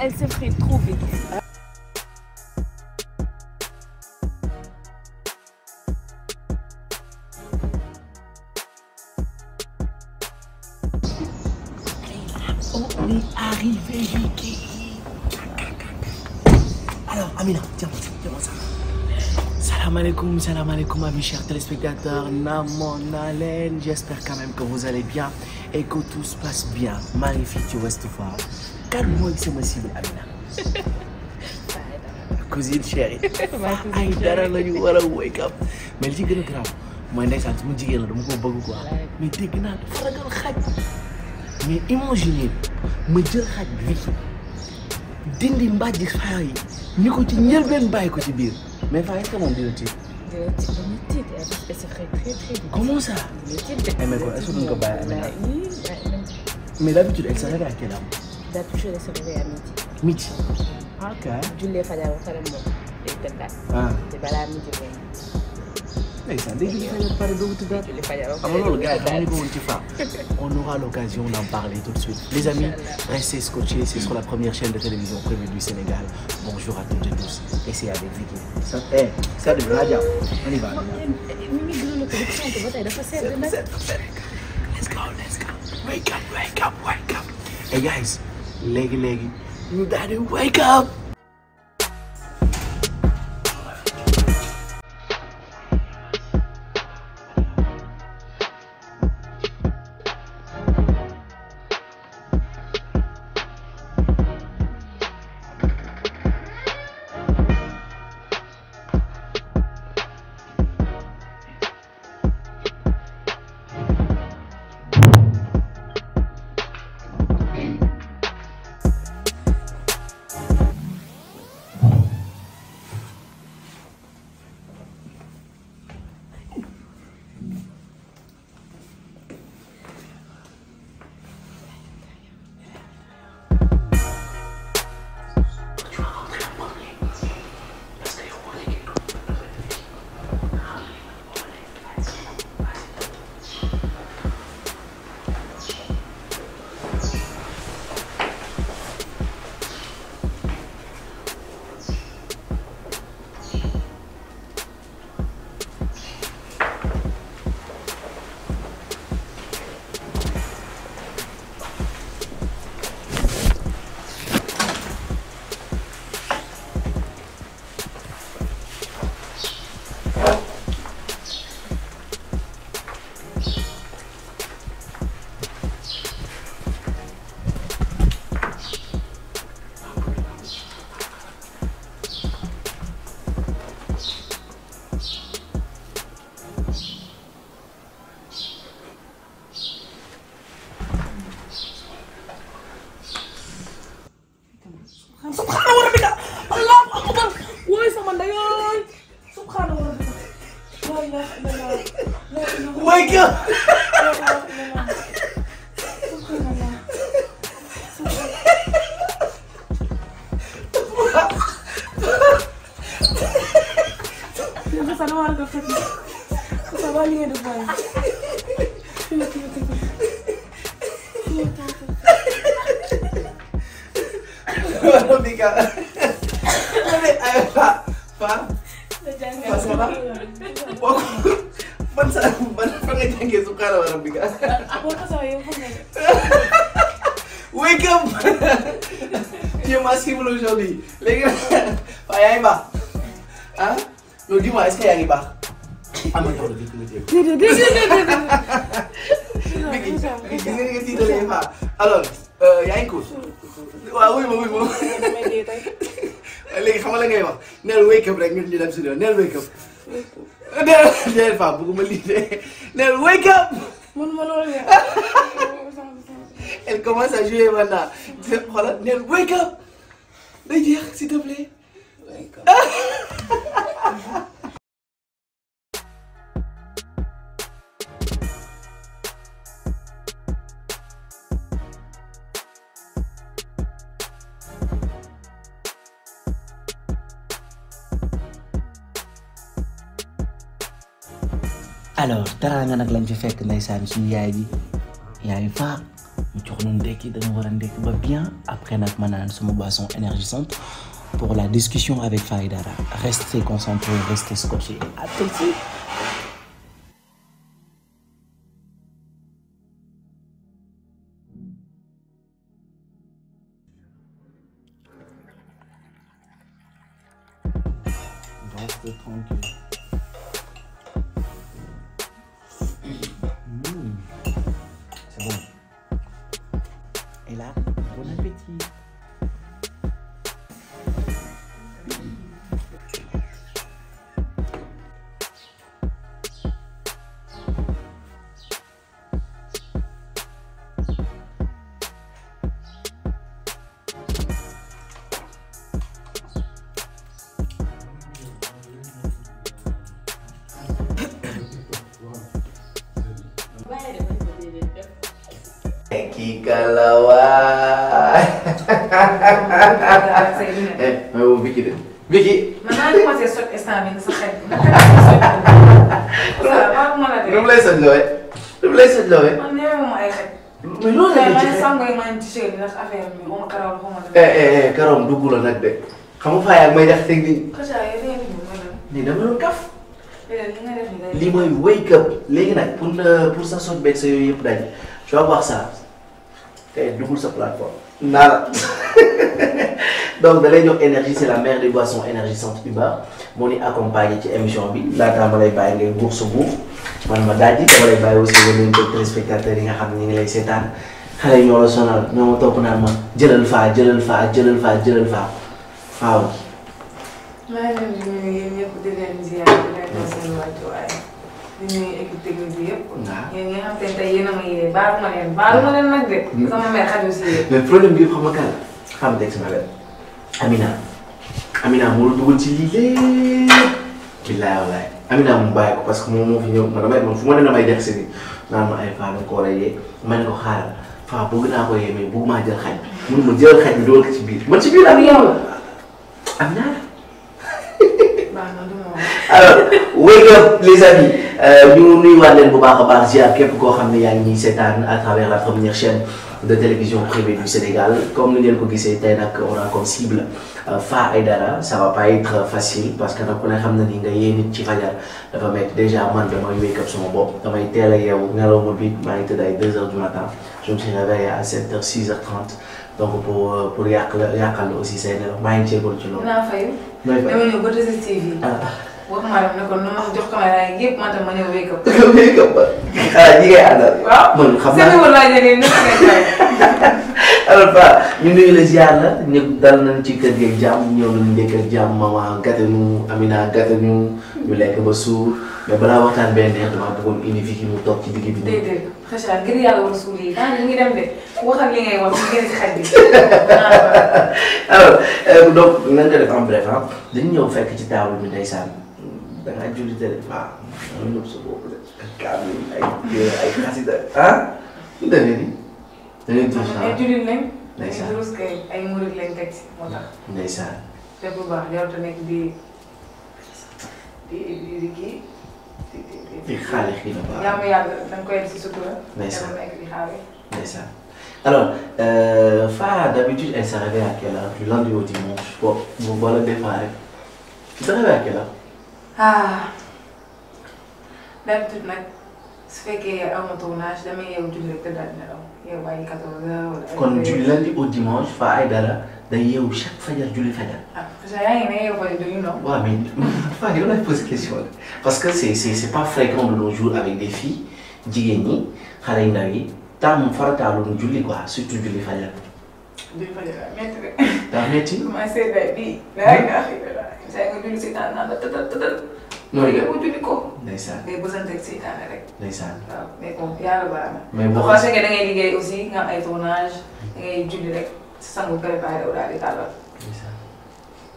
elle s'effrite trop vite. On est arrivé, Kiki. Alors, Amina, tiens, tiens, ça. Salam alaikum, salam alaikum, amis chers téléspectateurs. Namon J'espère quand même que vous allez bien et que tout se passe bien. Magnifique, tu vois, kan mooy sama cible Amina. cousine chérie ay dara la ñu war a wake ci gën a grave mooy ndeysaan su ma jigéen la dama ko bëgg quoi mais dégg naa dafa ragal xaj mais imagine ma jël xaj bi dindi mbàjji faa yi ni ko ci njëlbeen bàyyi ko ci biir mais faa est-ce que moom dina tiit comment ça mais ko est-ce que duñ ko bàyyi Amina mais d'habitude elle s'arrête à quel âge daa toujours se réveiller à midi. midi. ok. jullee fajar ba pare moom day tëddaat. te balaa midi moom. ndeysaan day julli fajar ba pare doo tëddaat. julli fajar ba pare doo tëddaat xam nga loolu gars yi xamuñu ko woon ci Far. on aura l'occasion d'en parler tout de suite. les amis restez scotchés c'est sur la première chaîne de télévision privée du Sénégal bonjour à toutes et tous et c'est avec Vicky. ça eh ça devient la jàmm on y va. Let's go, let's go. Wake up, wake up, wake up. Hey guys. léegi léegi ñu daal di wake up Mika ma ne ay Paa Paa. Paa ça va. man sa man fan nga jàngee su kaala wala Mika. studio neel wake up. neel fa bëgguma lii de neel wake up. man ma loolu elle commence à jouer maintenant. xoolal neel wake alors teraanga nag lañ fi fekk ndeysaan suñu yaay bi yaay fa ñu jox ñu ndekki dana war a ndekki ba bien après nag ma naan sama boisson énergisante pour la discussion avec Faye Dara restez concentrés restez scotchés à kala waay. mais Vicky de Vicky. man maa ngi commencé sot instant bi nga sa xarit. la nag de xam nga faa yaa may def technique. Kheucha yéen nii dama doon kaf. wake up léegi nag pour e, sa sot beeg sa yooyu yëpp dañ je vais voir ça. tey eh, dugul sa plateforme. nada donc da lay jox énergie c' est la mère des boissons énergisante moo ñu accompagné ci émission bi laataa ma lay bàyyi ngay guur sa guur man ma daaj dama lay bàyyi aussi ba leen bëgg téléspectateurs yi nga xam ne ñu ngi lay seetaan xale yi ñoo la sonal ñoo ma topp naan ma jëlal faa jëlal faa jëlal faa jëlal faa waaw. maa ngi leen di ñu ngi équipe technique bi yëpp. waaw yéen ñi nga xam te ne tey yéen a ma yee baalu ma leen baalu ma leen nag de. sama mère xajul si yéen. mais problème bi yëpp xam nga kan la xam teg sama la Amina Amina moo la dugal ci lii lépp. billaay walaay Amina mu bàyyi ko parce que moom moo fi ñëw man damay man fu ma ne damay jax si bi eh. naan ma ay faa da nga ko war a yee eh. man ko xaaral faa bëgg naa ko yee eh. mais bëgg maa jël xaj bi. mun ma jël xaj bi dool ko ci biir man ci biir ak yow la Amina. waaw man du ma wax. alors wake up les amis. Euh, ñu nuyuwaat leen bu baax a baax ziar képp koo xam ne yaa ngi ñuy seetaan à travers la première chaîne de télévision privée du Sénégal comme ni ngeen ko gisee tey nag on a comme cible euh, Fa Aïdara va pas être facile parce que nag ku ne xam na ni nga yee nit ci fajar dafa métti déjà man damay wake up sama bopp damay teel a yeewu nelaw ma biit maa ngi tëdd ay 2 heures du matin je me suis réveillé à 7 heures 6 heures 30 donc pour euh, pour yàq la yàqal aussi say nelaw maa ngi jéegoon loolu. naa fay. waxuma ne ko nu ma jox caméra yi yëpp man tam ma ñëw wake up. wake up xanaa ñi ngay àndal. man xam naa waaw sëñ bi walaay ne nii alors Ba ñu nuyu la ziar la ñëpp dal nañ ci kër gi ak jàmm ñëw nañu njëkk ak jàmm maman gàttanu Amina gàttanu. ñu lekk ba suur mais balaa waxtaan benn neex damaa bëggoon indi fii mu toog ci digg bi. déedéet xacha ngir yàlla woon suur yi ah ñu ngi dem de waxal li ngay wax ñu ngi leen si xaj bi. alors euh, donc nan nga def en bref ah? dañu ñëw fekk ci table bi ndeysaan da ngaa jullit rek waaw. am na sa bopp de kaamil ay ay xasida ah. da leen ni da leen tuur saa ay jullit ay durus kay ay murit lañ teg ci moo te bu baax yow te nekk di di di kii. di xaale xii na baax jaamu yàlla Fara d'habitude elle se réveille à quelle heure du lundi au dimanche bon mu wala ah d'habitude nag su fekkee aw ma tournage damay yeewu julli rek te daal di nelaw yeewu ay 14 heures wala. kon du lundi dimanche Fa Aïdara day yeewu chaque fajar julli fajar. ah parce yaa ngi ne yeewu fajar julli noonu. waaw mais Fa yow laay posé question parce que c'est c'est c'est pas fréquent de nos jours avec des filles jigéen ñi xale yu ndaw yi taamu surtout julli fajar. julli fajar daa métti rek. daa métti. commencé day di. daa ngi saa yi nga julli seytaane naan la tëtal tëtal. loolu yëpp nga julli ko. ndeysaan ngay bësanteeg seytaane rek. ndeysaan waaw eh, oh, mais bon yàlla baax na. mais boo xasee que da ngay liggéey nga am ay tournage da ngay julli rek sangu préparé wu daal di tàllal. ndeysaan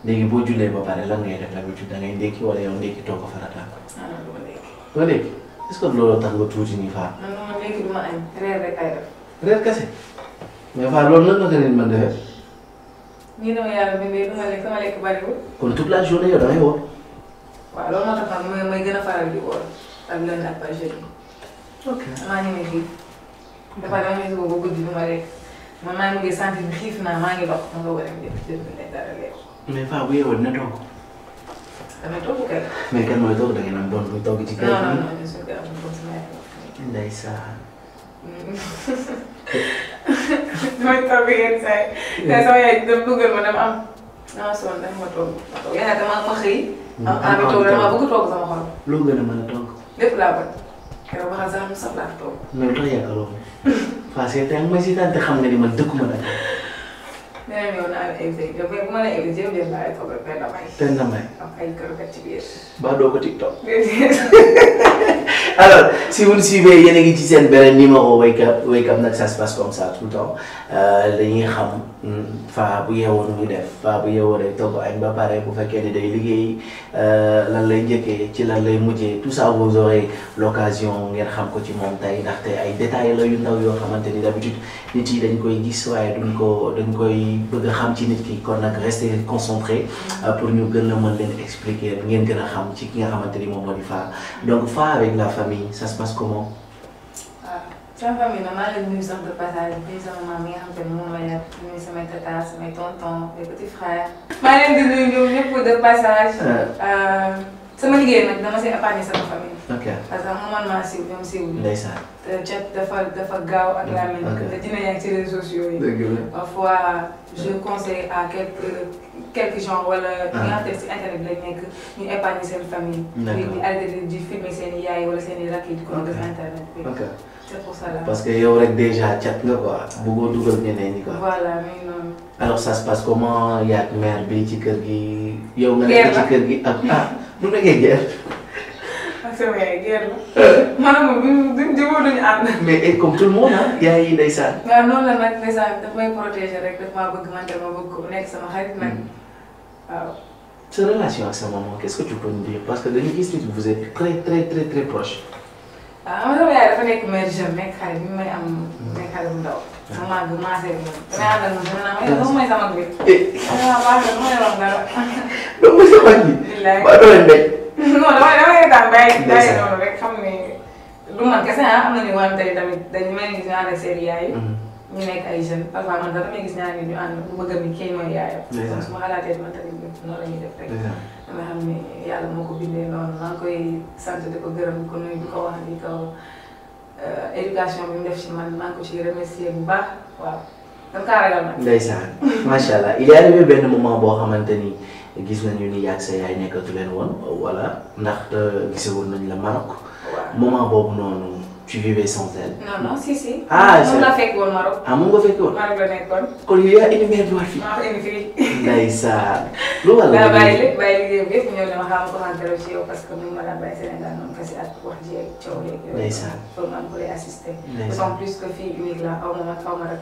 léegi boo jullee ba pare lan ngay def d'habitude da ngay ndékki wala yow ndékki too ko farataal ko. ah doo ndékki. doo ndékki est-ce que looloo tax nga tuuti nii Fane. non non ndékki du ma añ reer rek ay def. reer kese mais Fane loolu nan nii dama yàlla bindee du ma lekk sama lekk bariwul. kon toute la journée yow da ngay woor. waaw loolu moo tax man mooy mooy gën a faral di woor ak lundi ak par jeudi. ok maa ngi xiif. dafa dama ñu suba ba guddi du ma lekk man maa ngi sentir xiif naa maa ngi dox ma nga war a def jënd dara lekk. mais Faa bu yeewoo dina togg. dana togg kay. mais kenn mooy togg da ngeen am doon bu togg ci kër gi. non non non suñu kër amul ndeysaan mooy toog yenn saa yi. te sama yaay daf dugal ma dama am dama ma toog ma toog yaakaar dama ma xëy. am envie toog dama bëgg toog sama xol. lu mu gën a mën a toog. lépp laa bëgg. yow waxal sax mu soxlaa te xam nga ni man dëkkuma beneen yoon naa leen exige bu may. benn may am ay kërkat ci biir. ba si vous nous suivez yéen a ngi ci seen beneen numéro Wake Up Wake Up nag ça se passe comme ça tout le temps euh, dañuy xam. faa bu yeewoo nu muy def faa bu yeewoo day togg añ ba pare bu fekkee ni day liggéey euh, lan lay njëkkee ci lan lay mujjee tout ça vous aurez l'occasion ngeen xam ko ci moom tey ndaxte ay détails la yu ndaw yoo xamante ni d'habitude nit yi dañ koy gis waaye duñ ko dañ koy bëgg a xam ci nit ki kon nag rester concentré euh, pour ñu gën a mën leen expliquer ngeen gën a xam ci ki nga xamante ni moom moo di faa donc faa avec la famille ça se passe comment sama famille nag maa leen nuyu sax de passage bi sama maam mi nga xam te ne moom la yar nuyu samay tata tonton les petits frères. maa leen di nuyu ñoom ñëpp de passage. sama liggéey nag dama see épargner sama famille. ok parce que man maa siiw ñoom siiwul. ndeysaan te chat dafa dafa gaaw ak laa mel. ok te dina yàgg ci réseaux sociaux yi. dëgg la parfois je conseille à quelques. quelque genre wala. ñi ah. nga xamante ne si internet bi lañ nekk ñu épargner seen famille. d'accord di arrêté di filmer seen i yaay wala seen i rakk yi di internet bi. ok parce que yow rek déjà cat nga quoi bëggoo dugal ñeneen ñi quoi. voilà mais non. alors ça se comment yaag mère bi ci kër gi. yow nga nekk ci gi ak ah du nekkee guerre. c'est vrai guerre la. maanaam moom du du jubóo duñu ànd. mais comme tout le monde ah. yaay yi day saan. la nag ndeysaan daf may protéger rek daf maa bëgg man dama ko nekk sama xarit nag. Mm. waaw. sa relation ak sa maman qu'est-ce que tu peux nous dire parce que dañu gis ni vous êtes très très très très proche. ah ma sama yaay dafa nekk mère jeune nekk xale bi may am. nekk xale bu ndaw. Hmm. sama mag bi maase bi moom. damay àndal moom dama naan ma mooy sama bi. ah waaw waaw dama yoroon dara. donc mooy sama bi. alhamdulilah waaw doo leen béy. non damay damay daan bàyyi bàyyi noonu rek xam ne du man kese ah am na ñu wante tamit dañu mel ni ñu ànd ak seen yaay. Hmm. ñu nekk ay jeunes parfois man dara may gis ñaar ñu ànd mu bëgg a ni kii mooy yaayam. ma xalaatee man tamit noonu la ñuy def yàlla moo ko bindee noonu maa ko gërëm di ko nuyu di ko wax di ko euh, mu ko ciy remercier waaw. dama kaa ragal nag. ndeysaan macha allah il y a eu benn moment boo xamante ni gis nañu ni yaag sa yaay nekkatu leen woon wala ndax euh, gisee woon nañ la Maroc. moment boobu noonu. tu vivais sans elle. non non si si. ah moom la fekk woon Maroc. ah moom nga fekk woon. Maroc ah, la nekkoon. kon yow yaa indi mère Duarte fii. maa indi fii. ndeysaan. lu wàllu liggéey bi bàyyi lépp bàyyi liggéey bi yëpp ñëw na ma xam ko man dara ci yow parce que mu ma la bàyyi Sénégal noonu kasi ak wax ji ak coow yeeg yooyu. ndeysaan pour man pour assister. ndeysaan en plus que fii unique la aw ma mag aw ma rek.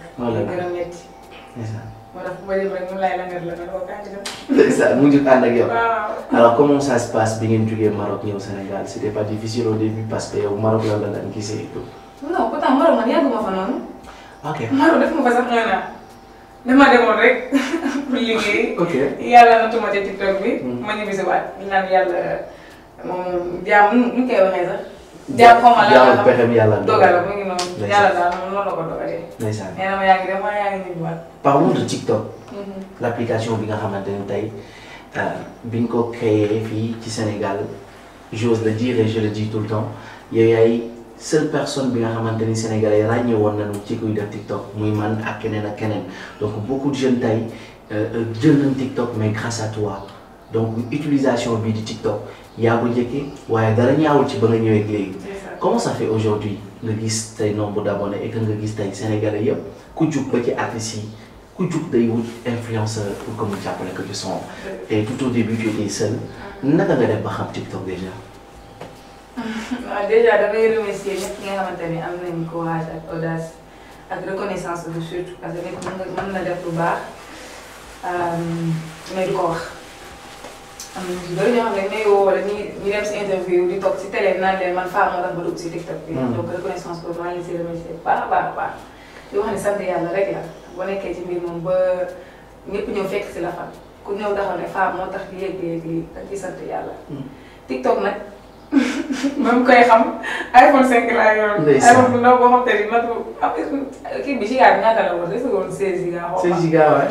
gën a métti. ndeysaan. moo tax ma yëg rek lay langal la nga doon kàddu gi. ndeysaan mu ngi ànd ak yow. alors comment ça se passe bi ngeen jugee Maroc ñëw Sénégal c' était pas difficile au début parce que yow Maroc yow la daan gisee et tout. non pourtant Maroc man yàgg ma fa noonu. Ah, ok Maroc def ma fa sax un an. dama demoon rek pour liggéey. ok yàlla na tomate TikTok bi. Hmm. ma ñibbisiwaat naan yàlla moom jaamu nu ñu koy waxee sax. jàpp ko ma la yàlla pexem yàlla dogal la mu ngi noonu yàlla daal moom noonu la ko dogalee. ndeysaan nee na ma yaa ngi dem ma yaa ngi ñëwaat. parlons de TikTok. Mm-hmm. l' application bi nga xamante ne tey euh, biñ ko créé fii ci Sénégal j'ose le dire et je le dis tout le temps yow yaay seule personne bi nga xamante ni Sénégalais ràññee woon nañu ci kuy def TikTok muy man ak keneen ak keneen donc beaucoup de jeunes tey euh, euh, jël nañ TikTok mais grâce à toi. donc utilisation bi di TikTok yaa ko njëkkee waaye dara ñaawul ci ba nga ñëwee léegi. comment ça fait aujourd'hui nga gis tey nombre d'abonnés et que nga gis tey sénégalais yëpp ku jug ba ci artistes ku jug day wut influenceur pour que mu jàppale ko ci son te tout au def ba xam TikTok déjà. déjà damay remercier ñëpp ki nga xamante ni am nañu courage ak audace ak reconnaissance surtout parce que nit mën na def lu baax euh, mais du am na ñu bëri ñoo xam ne dañ may woo wala ñu ñu dem si interview di toog si télé man faa moo tax ba dugg si TikTok bi. donc reconnaissance boobu maa ngi si remercier bu baax a baax a baax di wax ne sant yàlla rek la boo nekkee ci mbir moom ba ñëpp ñëw fekk si la fan ku ñëw taxaw ne faa moo tax di yegg yegg yi dañ ciy sant yàlla. TikTok nag. ba mu koy xam iPhone 5 laa yoroon. iPhone bu ndaw boo xam te ni matu kii bi giga bi ñaata la woon est-ce que woon 16 giga.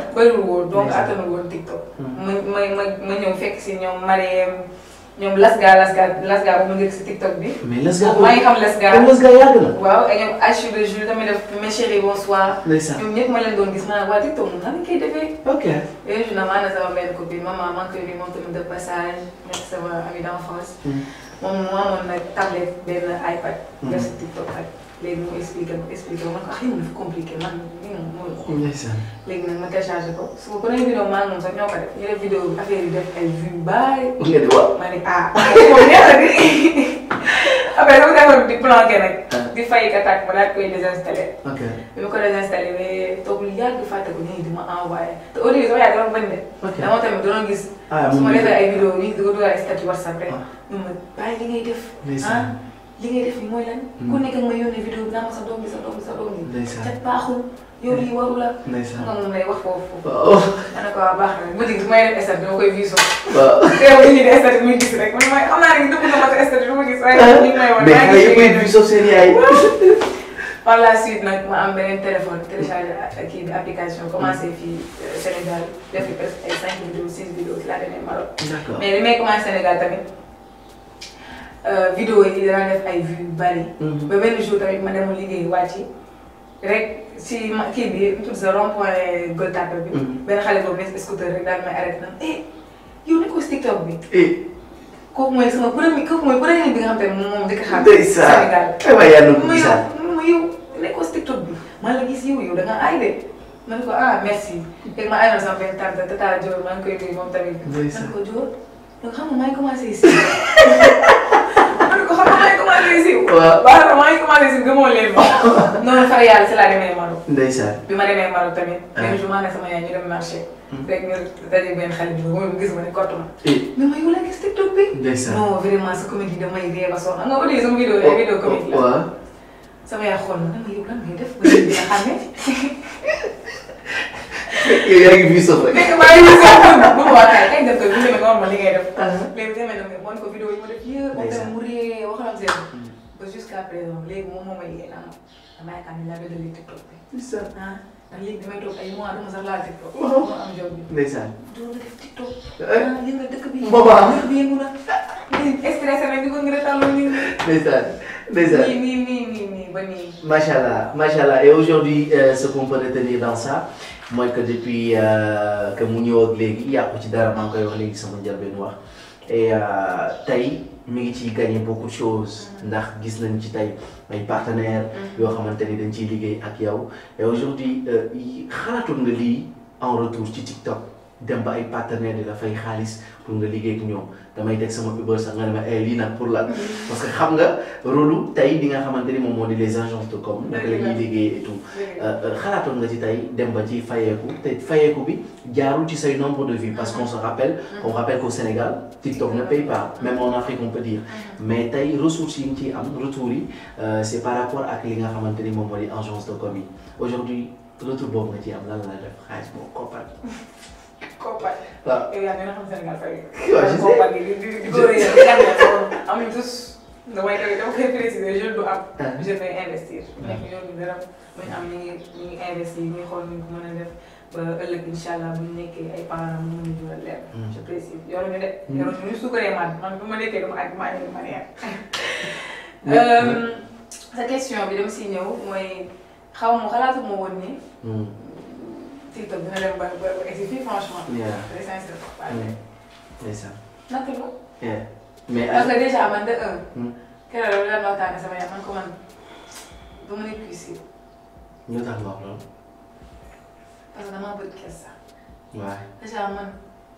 TikTok. Hmm. ma ma ma ma ñëw fekk si ñoom Mariem ñoom Lasga Lasga Lasga ba mu TikTok bi. mais Lasga maa ngi xam waaw ak ñoom Achille de Jules damay def mes chéris bonsoir. ndeysaan ñoom ñëpp ma leen doon gis maanaam waa TikTok mu nan koy defee. ok yooyu jour na maanaam sama benn copine maman maa ngi koy nuyu moom tamit de passage nekk sama ami d'enfance. Hmm. moom moo amoon nag tablette benn iPad. def si TikTok ak léegi mu expliqué ma expliqué ma ko xëy ah, na dafa compliqué man lii moom mooy ko. léegi nag ma téléchargé ko su ko beneen vidéo maa moom sax ñoo ko def ñu def vidéo affaire yi def ay vues yu bari. ma ne ah. après dama defoon di planqué di ma daal koy désinstallé. ok bi ma ko désinstallé mais toog lu yàgg fàtte ko nii di ma envoyé te au début sama yaay dama bañ de. ok dama tamit doon gis. ah su ma defee ay vidéo yi di ko dugal ay statut WhatsApp rek. ñu ma bàyyi li ngay def. ah li ngay def mooy lan. ku nekk nga yónnee vidéo bi naa ma sa doom bi sa doom bi sa doom bi. ndeysaan cat baaxul. ne ko waa baax na bu dee du may def statut dama koy visé. waaw teewul li ñuy def statut muy gis rek man mooy xam naa ne dëgg na mais par la suite nag ma am beneen téléphone téléchargé uh, kii bi application commencé fii euh, Sénégal def fi presque ay 5 vidéos 6 vidéos laa demee Maroc. d'accord mais li may commencé Sénégal tamit euh, yi dana def ay vues bari. Mhm. ba benn jour tamit ma demoon liggéey rek si ma kii bi tout ce rond point Gueule Tapée bi. Mhm. benn xale boobu nekk scooter rek daal may arrêté na eh yow nekkul si TikTok bi. Eh. kooku mooy sama premier kooku mooy premier bi nga xam te ne moom dëkk xam. Sénégal waaye yàlla na ko gisaa ma yow nekkoo si TikTok bi man la gis yow yow da nga aay de ma ne ko ah merci léegi ma aay na sama benn tante tata Dior maa ngi koy nuyu moom tamit. ndeysaan ma ne ko Dior donc xam nga maa ngi commencé si. ma ne ko xam nga maa ngi commencé si. waaw baax na maa ngi commencé si gëmoo leen ma. noonu far yàlla si laa demee Maroc. ndeysaan bi ma demee Maroc tamit. même ah. jour maa ne sama yaay ñu dem marché. fekk nga daje benn xale bi moom gis ma ne kottu ma. Eh. mais ma yow laa gis TikTok bi. ndeysaan non vraiment sa comédie damay ree ba soxla nga ko dégg sama vidéo la oh, vidéo oh, comédie la. waaw sama yaa xool na dama yow lan ngay def ba nga xamee. yow yaa ngi bii sof rek. dégg nga maa ngi bu ma ko bu ngeen ko ma li ngay def. Ah. léegi demee na mais bon ko vidéo yi ma def yëpp. ndax léegi damay toog ay mois dama sax laal TikTok. moo am jom bi. ndeysaan. doo def TikTok. Eh? ah yéen a dëkk bi. boobaa dëkk bi yëngu na. stressé rek di ko ngir tàlloo nii. ndeysaan ndeysaan nii nii nii nii nii ba nii. macha allah macha allah et aujourd'hui euh, ce qu'on peut retenir dans ça mooy que depuis euh, que mu ñëw ak léegi yàqu ci dara maa ngi koy wax léegi sama njëlbeen wax. et euh, tey mi ngi ciy gagné beaucoup de ndax gis nañ ci tey ay partenaires mm-hmm. yoo xamante ni dañ ciy liggéey ak yow et aujourd'hui euh, xalaatoon nga lii en ci TikTok dem ba ay partenaires di la fay xaalis pour nga liggéey ak ñoom damay teg sama Uber sax nga ne ma ay eh, lii nag pour la parce que xam nga rôle tey li nga xamante ni moom moo les agences de com naka la liggéey et euh, euh, xalaatoon nga ci tey dem ba ci fayeeku te fayeeku bi jaarul ci say nombre de vues parce que se rappelle qu'on mm-hmm. rappelle qu'au Sénégal TikTok ne paye pas même mm-hmm. en Afrique on peut mm-hmm. mais tey ressources yi ñu ciy am retours yi euh, c'est par rapport ak li nga xamante ni moom moo di agence de com yi aujourd'hui retour boobu nga xaalis boobu koppar Kopa waaw yow yaa ngi eh, xam Sénégal fay. waa je sais di di di ko rëyal amuñu tous damay dama koy préciser jeune du am. jeune day nekk yoon bi dara buñ am ñu ngi ñu ngi investir xool ñu ko mën a def ba ëllëg incha allah buñ ay parents mu mën a jural leer. je précise yoroon ñu de. yoroon ñu ñu suukaree man man bu ma nekkee dama àgg ma àgg ma neex. sa question bi dama siy ñëw mooy xaw ma xalaatu ma woon ni. TikTok dina dem ba ba ba egg fii franchement. Mm. mais parce que déjà man de un. Mm. keroog loolu la waxtaanee sama yaay man ko man du ma nekk cuisine. ñu tax nga wax loolu. parce que damaa bëgg kees sax. waaw déjà man.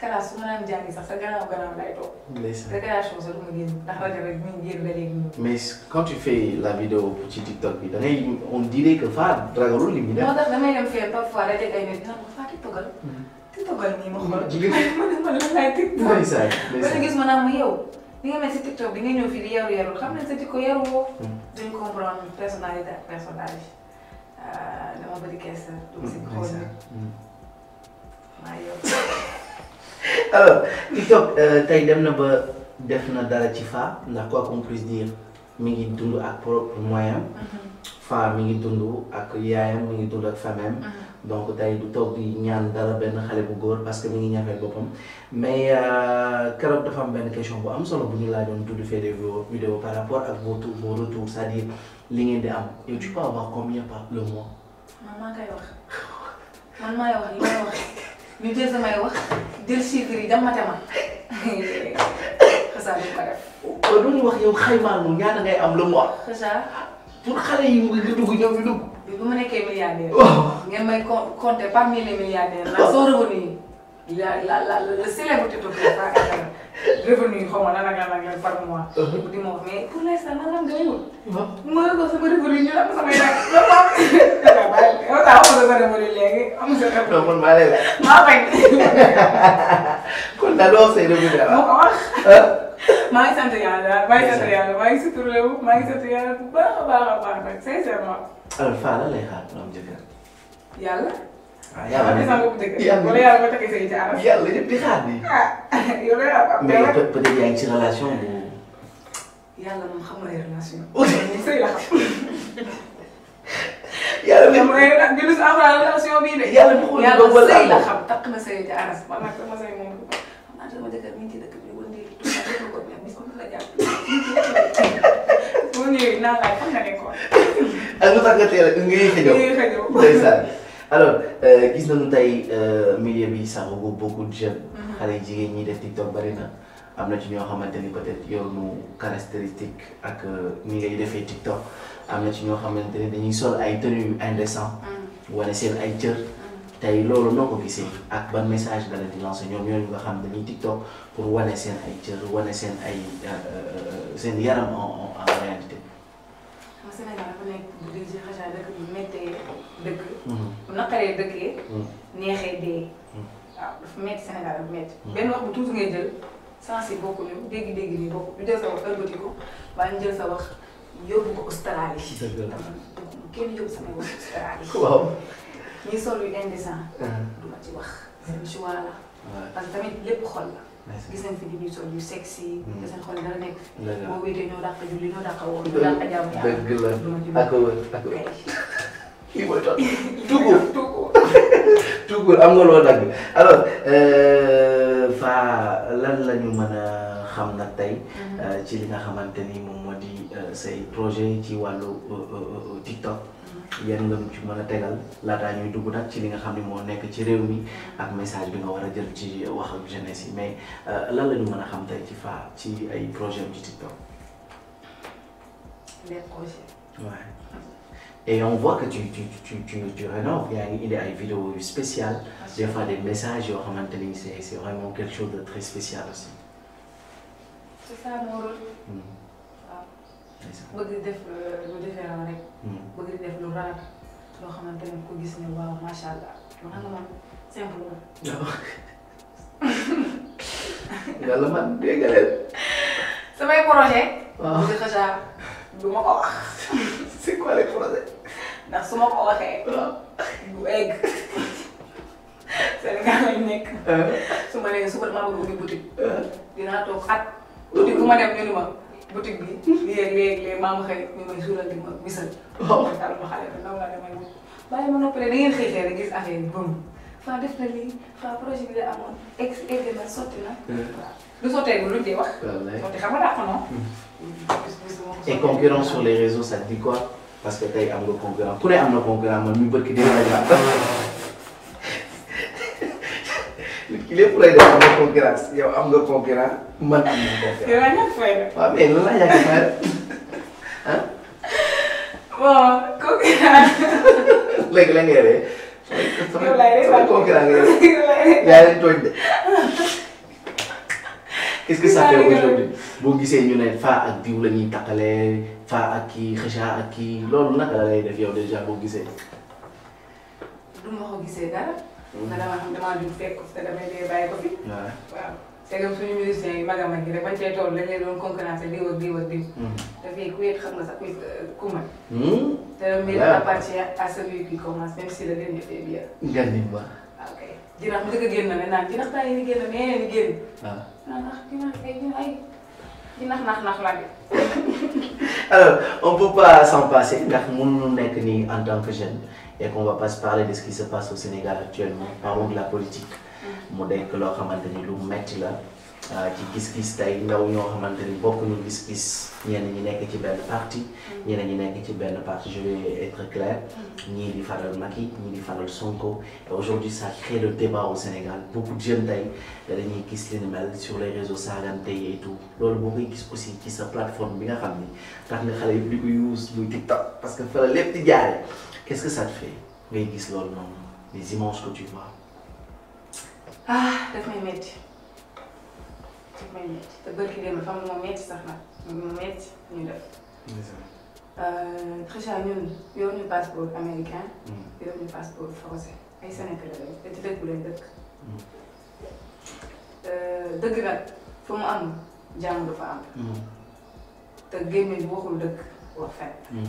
kalaas su ma naan jàngi sax sa gannaaw gannaaw lay toog. ndeysaan récréation sax du ma génn ndax rajo rek ñu génn ba léegi ñu. mais quand tu fais la vidéo ci TikTok bi da ngay on dirait que Faa ragalul li mu def. moo tax damay dem fii parfois day teg ay nit dina ko Faa TikTokal. TikTokal mm-hmm. nii ma xool. jigéen mm-hmm. ma ne ma lan laay TikTok. ndeysaan ndeysaan gis ma naa ma yow. li nga mel si TikTok bi nga ñëw fii di yaru yaru xam ne sa jikko yaru woo. Mm-hmm. duñ comprendre personnalité ak personnage ah, dama bëri kees la. dugg si xool bi maa yow. alors TikTok euh, tey dem na ba def na dara ci Fa ndax quoi qu'on puisse dire mi ngi dund ak propre moyen. Mhm. Fa mi ngi dund ak yaayam mi ngi dund ak famem mhm. donc tey du toog di ñaan dara benn xale bu góor parce que mi ngi ñafeel boppam mais euh, keroog dafa am benn question bu am solo bu ñu laajoon tout de fait des vidéos par rapport ak vos tour vos retours cest dire li ngeen di am yow tu peux avoir combien par le mois. man maa koy wax man maay wax li may wax ñu jël wax. jël chiffres yi dem matema xasaar bi ko def. kon loolu wax yow xaymaa moom a ngay am lu mu wax. xasaar pour xale yi mu ngi dugg ñoom ñu dugg. bi bu ma nekkee milliardaire. Oh. ngeen may compter parmi les milliardaires. la soo revenu yi. la la la la célébrité de revenu yi xaw ma lan ak lan ak lan par mois. di ma wax mais pour l'instant man lan doyul. ma ne ko sama revenu ñu am samay nag la ko am. yow daa waxoon sama revenu léegi am sa revenu. non man maa lay laaj. maa bañ. kon daal loo say revenu la. moo ko wax. maa ngi sant yàlla maa ngi sant yàlla maa ngi suturlé wu maa ngi sant yàlla bu baax a baax a baax rek sincèrement. alors Fane lan lay xaar pour am jëkkër. yàlla. waaw yàlla de yàlla de yàlla de yàlla ñëpp di xaar nii. ah yow day am mais yow peut être yaa ngi ci relation bu. yàlla moom xam nga relation. sëy la xam. yàlla de mooy nag jullit si am relation bii de. yàlla de yàlla sëy la xam takk na sëy ci aras man nag sama sëy moom xam naa sama dëkk mi ngi ci dëkk bi wëndeelu ko bi am bis bu la jàpp. bu ñëwee naa laaj xam nga ne ko. ak lu tax nga teel a nga yéex a ñëw. nga yéex a ñëw ndeysaan alors euh, gis nañu tey euh, milieu bi ça regroupe beaucoup de jeunes. xale yu jigéen ñi def TikTok bari na am na ci ñoo xamante ni peut-être yoonu caractéristique ak euh, ni ngay defee TikTok am na ci ñoo xamante ni dañuy sol ay tenues yu indécent mhm. wane seen ay cër. Mhm. tey loolu noo ko gisee ak ban message nga leen di lancer ñoom ñooñu nga xam dañuy TikTok pour wane seen ay cër wane seen ay seen yaram en naqaree dëkkee. Hmm. neexee dee. Hmm. waaw dafa métti Sénégal dafa hmm. benn wax bu tuuti ngay jël sens yi bokkuñu dégg-dégg nii bokku ñu jël sa wax ëlbati ko waaye ñu jël sa wax yóbbu ko Australie. kenn yóbbu samay wax Australie. waaw ñi sol yu indécent. Ah. du ma ci wax. seen choix tamit lépp xol la. fi di ñuy sol yu sexy. te seen xol dara ñoo dàq julli ñoo dàq woon ñoo dàq jaamu yàlla. dëgg la ak wër ak kii mooy tontu. am nga loo dagg alors euh, Fa lan la ñu mën a xam na tey. Mhm. Euh, ci li nga xamante ni moom moo di euh, say projet ci wàllu TikTok. Mhm. yan nga ci mën a tegal lataa ñuy dugg nag ci li nga xam ne moo nekk ci réew mi ak message bi nga war a jël ci wax ak jeunesse yi mais lan la ñu a xam tey ci Fa ci ay projet am ci TikTok. Et on voit que tu, tu, tu, tu, tu rénoves. Il y a une vidéo spéciale, des fois des messages, c'est vraiment quelque chose de très spécial aussi. C'est ça mon rôle. Mm-hmm. waaw. bëgg euh, mm-hmm. def lu différent rek. bëgg def lu raar loo xamante ne ko gis ne waaw macha allah man xam nga man simple la. nga la man dégg samay projet. waaw ah. du ma ko wax. quoi les projets. ndax su ma ko waxee. waaw bu egg. Sénégal lañ nekk. su ma nee suba damaa bëgg ubbi boutique. dinaa toog at. boutique bu ma dem ñu ni ma. boutique bi. léeg léeg léeg maa ma xëy ñu may suural di ma misal. waaw ma taal ma xale bi ndaw laa damay wut. bàyyi ma noppalee da ngeen xëy xëy rek gis affaire yi bëm. faa def na lii faa projet bi la amoon egg egg na sotti na. waaw lu sottee lu luñ dee wax. wallaay sotti xam nga daa ko noonu. et concurrence sur les réseaux ça dit quoi. parce que tey am nga concurrent ku ne am na concurrent man mi bërki démb lañu am nit ki lépp lay def am nga concurrence yow am nga concurrent man am na concurrent. yow ñàkk fay la. waaw mais lan laa ñàkk a fay la ah. bon concurrent. léegi la ngay ree. yow laay ree sama concurrent nga ree yaa leen tooñ de. qu'est-ce que ça boo gisee ñu ne faa ak diw la ñuy taqalee faa ak kii xëcaa ak kii loolu naka la lay def yow déjà boo gisee. du ma ko gisee dara. ma hmm. damaa xam damaa dugg fekk ko te damay dee bàyyi ko fi. waaw segam a mag hmm. ku yet xam nga sax euh, ku man. Hmm? te mbir appartient à celui qui commence même si le dernier fait bien. gan yi bu jinax mu dëgg génn na naan jinax taa yi ni génn mais ni alors on peut pas s'en passer ndax mënuñu nekk nii en que jeune et qu'on va pas parler de ce qui se passe au Sénégal actuellement parlons de la politique mu dekk loo xamante ni lu metti la Euh, ci gis-gis tey ndaw ñoo xamante ni bokkuñu gis-gis ñenn ñi nekk ci benn parti mm. ñeneen ñi nekk ci benn parti je vais être clair mm. ñii di faral ni ñii di faral Sonko et aujourd'hui ça crée le débat au Sénégal beaucoup de jeunes tey dañuy gis li ni mel sur les réseaux saagante yi tout loolu boo gis aussi ci sa plateforme bi nga xam ni tax nga xale yi di ko use muy TikTok parce que fa la lépp di jaare qu'est-ce que ça te fait ngay gis loolu noonu les images que daf may métti te barki démb fa mu métti sax nag mu métti ñu def. Kheucha euh, ñun yoruñu passeport américain. Mm. yoruñu passeport français ay Sénégalais lañu te ci dëkk bu leen dëkk. Mm. Euh, dëgg nag fu mu am jàmm du fa am. Mm. te gémmiñ bu waxul dëkk wax fenn.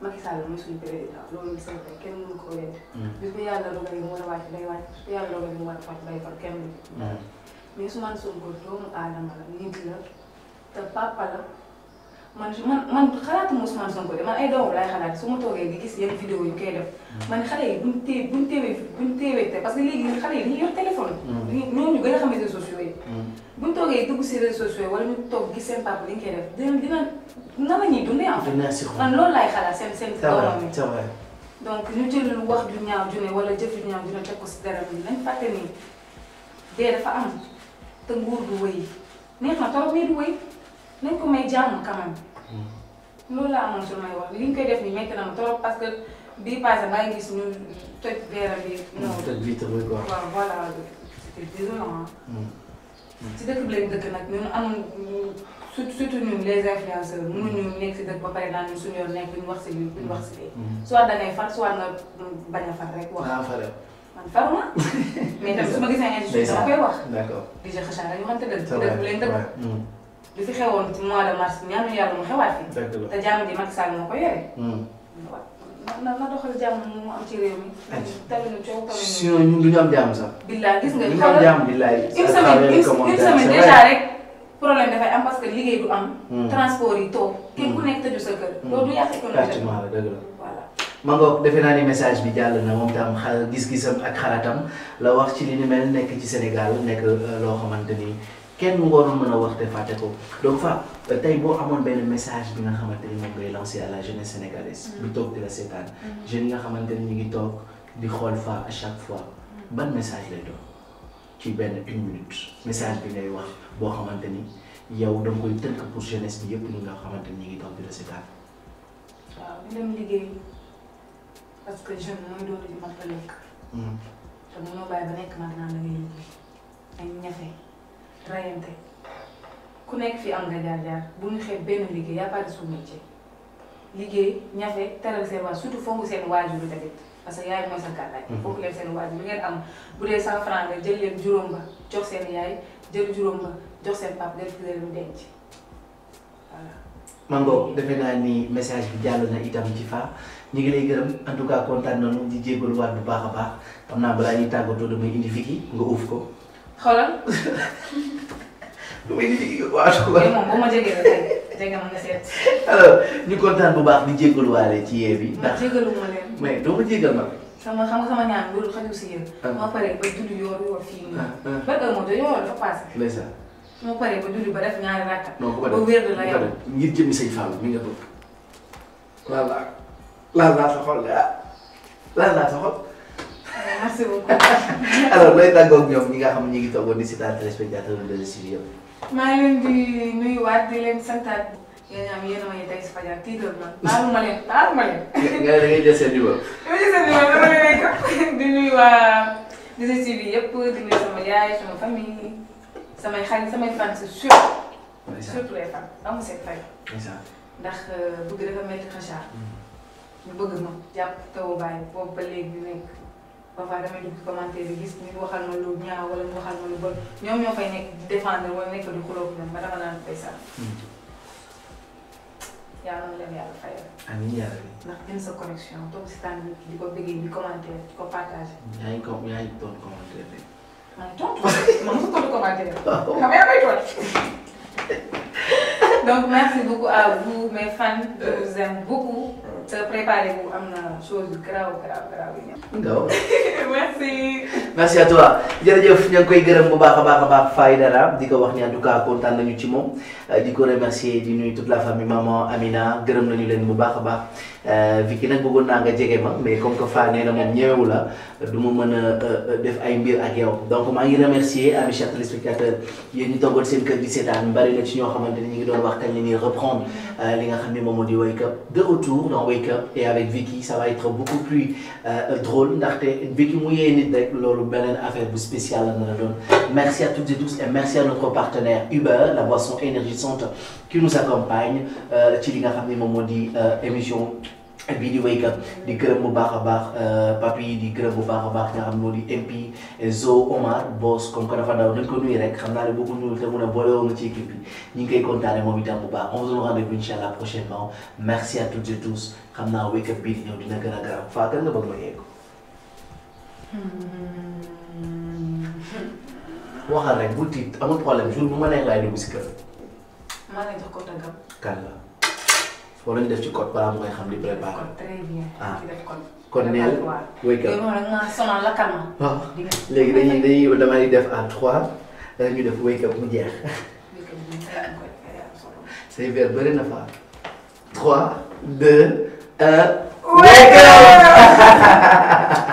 Macky Sall mooy suñu président loolu seen kër kenn mënu ko wér. bis bu yàlla dogalee mu war a wàcc day wàcc bis bu yàlla dogalee mu war a wàcc day far kenn du. mais Ousmane Sonko doomu aadama la nit la te papa la man man man xalaatuma Ousmane Sonko de man ay doomam lay xalaat su ma toogee di gis yenn vidéo yu koy mm. man xale yi buñ tee buñ teewee buñ teewee te parce que léegi xale yi dañuy yor o mm. ñooñu gën a xam réseaux sociaux yi. Mm. buñ toogee dugg si réseaux sociaux yi wala ñu toog gisen seen papa liñ koy def dina dina nan la ñuy dundee en fait. man loolu laay xalaat seen seen. doomam yi donc ñu jël wax ju ñaaw wala jëf ju ñaaw ju ne teg ko si te nguur bu wëy neex na trop mais du wëy nañ ko may jàmm mm. loolu la amoon su may wax li ñu koy def nii métti na ma trop parce que bii passé maa ngi gis ñu toj verre bi. Mm, non toj bi tëbëj quoi waaw voilà c'est désolant. Mm. si dëkk bi lañ dëkk nag ñun amuñ sut ñun les influenceurs mënuñu nekk si dëkk ba pare naan ñun suñu yoon nekk duñ wax si lii duñ wax si lii. soit da ngay far soit nga bañ a far rek. wax faruma mais tamit su ma gisee injustice dama koy wax. di je xëcc rek waxante dëgg. bu dëgg bu leen dëgg. li fi xewoon ci mois de mars ñaanu yàlla mu xewaat fi. te jàmm ji Macky Sall moo ko yore. na na doxal jàmm mu am ci réew mi. tamit coow tamit. sinon ñun du ñu am jàmm sax. billaay gis nga ñu am jàmm billaay. une semaine une semaine déjà rek problème dafay am parce que liggéey du am. transport yi toog. kenn ku nekk tëju sa kër. loolu du yàq économie la pratiquement la dëgg la. ma defe naa ni message bi jàll na moom tam xal gis-gisam ak xalaatam la wax ci li ni mel nekk ci Sénégal nekk euh, loo xamante ni kenn waroon mën a wax te fàtte ko donc fa euh, tey boo xamoon benn message bi nga xamante ni ngay lancé à la jeunesse mm. toog di la mm. nga xamante ni ñu ngi toog di xool fa à chaque fois ban message lay doon ci benn une minute message bi ngay wax boo xamante ni yow da nga koy tënk pour jeunesse bi yëpp li nga xamante ni ñu ngi toog di la seetaan. parce que jeune mooy doole ju mat ëllëg. te mënoo ba nekk mag naa da liggéey ay ñafe rayante ku nekk fi am nga jaar bu ñu xeeb benn liggéey y a pas de sous liggéey ñafe teral seen waajur surtout fonk seen waajur bi tamit parce que yaay mooy sa gàllaay. Hmm. fonk leen seen waajur bi ngeen am bu dee cent franc jël leen juróom ba jox seen yaay jël juróom ba jox seen pap def leen denc voilà. mango defe naa ni message bi jàll na itam ci fa ñu ngi lay gërëm en tout cas kontaan nañu di jégalu waat bu baax a baax xam naa balaa ñuy tàggatoo damay indi fii nga uuf ko. xoolal. damay indi fii waaw. mais moom bu ma jege la tey dégg nga nga seet. alors ñu kontaan bu baax di jégalu waale ci yee bi. ndax jégalu ma leen. mais doo ma jégal ma. sama xam nga sama ñaan loolu xajul si yéen. Ah. ma pare ba tudd yoor yoor fii. Ah, ah. ba heure moo paree ba julli ba def ñaari rakka. non bu ko def ba wér la yow ngir jëmmi sëñ Fall mi nga bëgg. laal laa laal laa sa xol de ah laal laa sa xol. merci beaucoup. alors looy tàggoo ak ñoom ñi nga xam ñi ngi toogoon di si daal téléspectateur de Leewtoo yëpp. maa ngi leen di nuyuwaat di leen santaat. yéen ñaam yéen a may tey si fajar tiital ma baaluma leen baaluma leen. nga da ngay jël seen numéro. dama jël seen numéro dama leen di nuyu waa 2STV yëpp di nuyu sama yaay sama famille. samay xarit samay fans surtout. surtout les fans amu seen fay. ndax euh, bëgg dafa metti xasaar. Mm. ñu bëgg ma jàpp tawu bàyyi boobu ba léegi ñu nekk parfois damay dugg commentaire yi gis ñu waxal ma lu ñaaw wala ñu waxal ma lu bon ñoom ñoo fay nekk di défendre nekk di xuloo ñoom ba dama naan fay sax. Mm. yàlla na leen yàlla fayal. amiin yàlla bi. ndax jël sa connexion toog si di ko bëggee di commentaire di ko partager. yaa ngi ko yaa ngi doon commentaire rek. man tontu ma mos a tontu commentaire xam nga may tontu donc merci beaucoup à vous mes fans je vous beaucoup. te préparez-vous am na chose yu merci. merci à toi jërëjëf ña koy gërëm bu baax a baax a baax Faye di ko wax ni en tout cas kontaan nañu ci moom di ko remercier di nuyu toute la famille maman Amina gërëm nañu leen bu baax a baax. Euh, Vicky nag bëggoon naa nga jege ma mais comme que Faa nee na moom ñëwewu la du ma mën euh, euh, def ay mbir ak yow donc maa ngi remercier amis chers téléspectateurs yéen ñu toogoon seen kër di seetaan bari na ci ñoo ni ñu ngi doon wax kañ la ñuy reprendre li nga xam ne moom moo di wake up de retour dans wake up et avec Vicky ça va être beaucoup plus drôle ndaxte Vicky mu ye nit loolu beneen affaire bu spéciale la na la doon merci à toutes et tous et merci à notre partenaire Uber ci li nga xam ne moom moo di émission. bii di waykat di gërëm bu baax a baax euh, papi di gërëm bu baax a baax nga xam moo di MP euh, Zo Omar boss comme que dafa daw nañ xam naa ne boo ko nuyu te a boole woon ci équipe bi ñu ngi koy kontaane moom itam bu baax on vous donne rendez-vous incha allah prochainement merci à toutes et tous xam naa waykat bii di ñëw a garab faa gën nga bëgg ma yegg hmm. waxal rek bu tiit amul problème jour bu ma neex laay dugg si kër. maa kan la. foofu la ñu def ci code balaa mu ngay xam di préparer. très bien ah kon neel. wéykat bi waaw léegi ah. dañuy dañuy damay def à trois euh, ñu def wéykat mu jeex. say verre bëri na trois deux un. wéykat.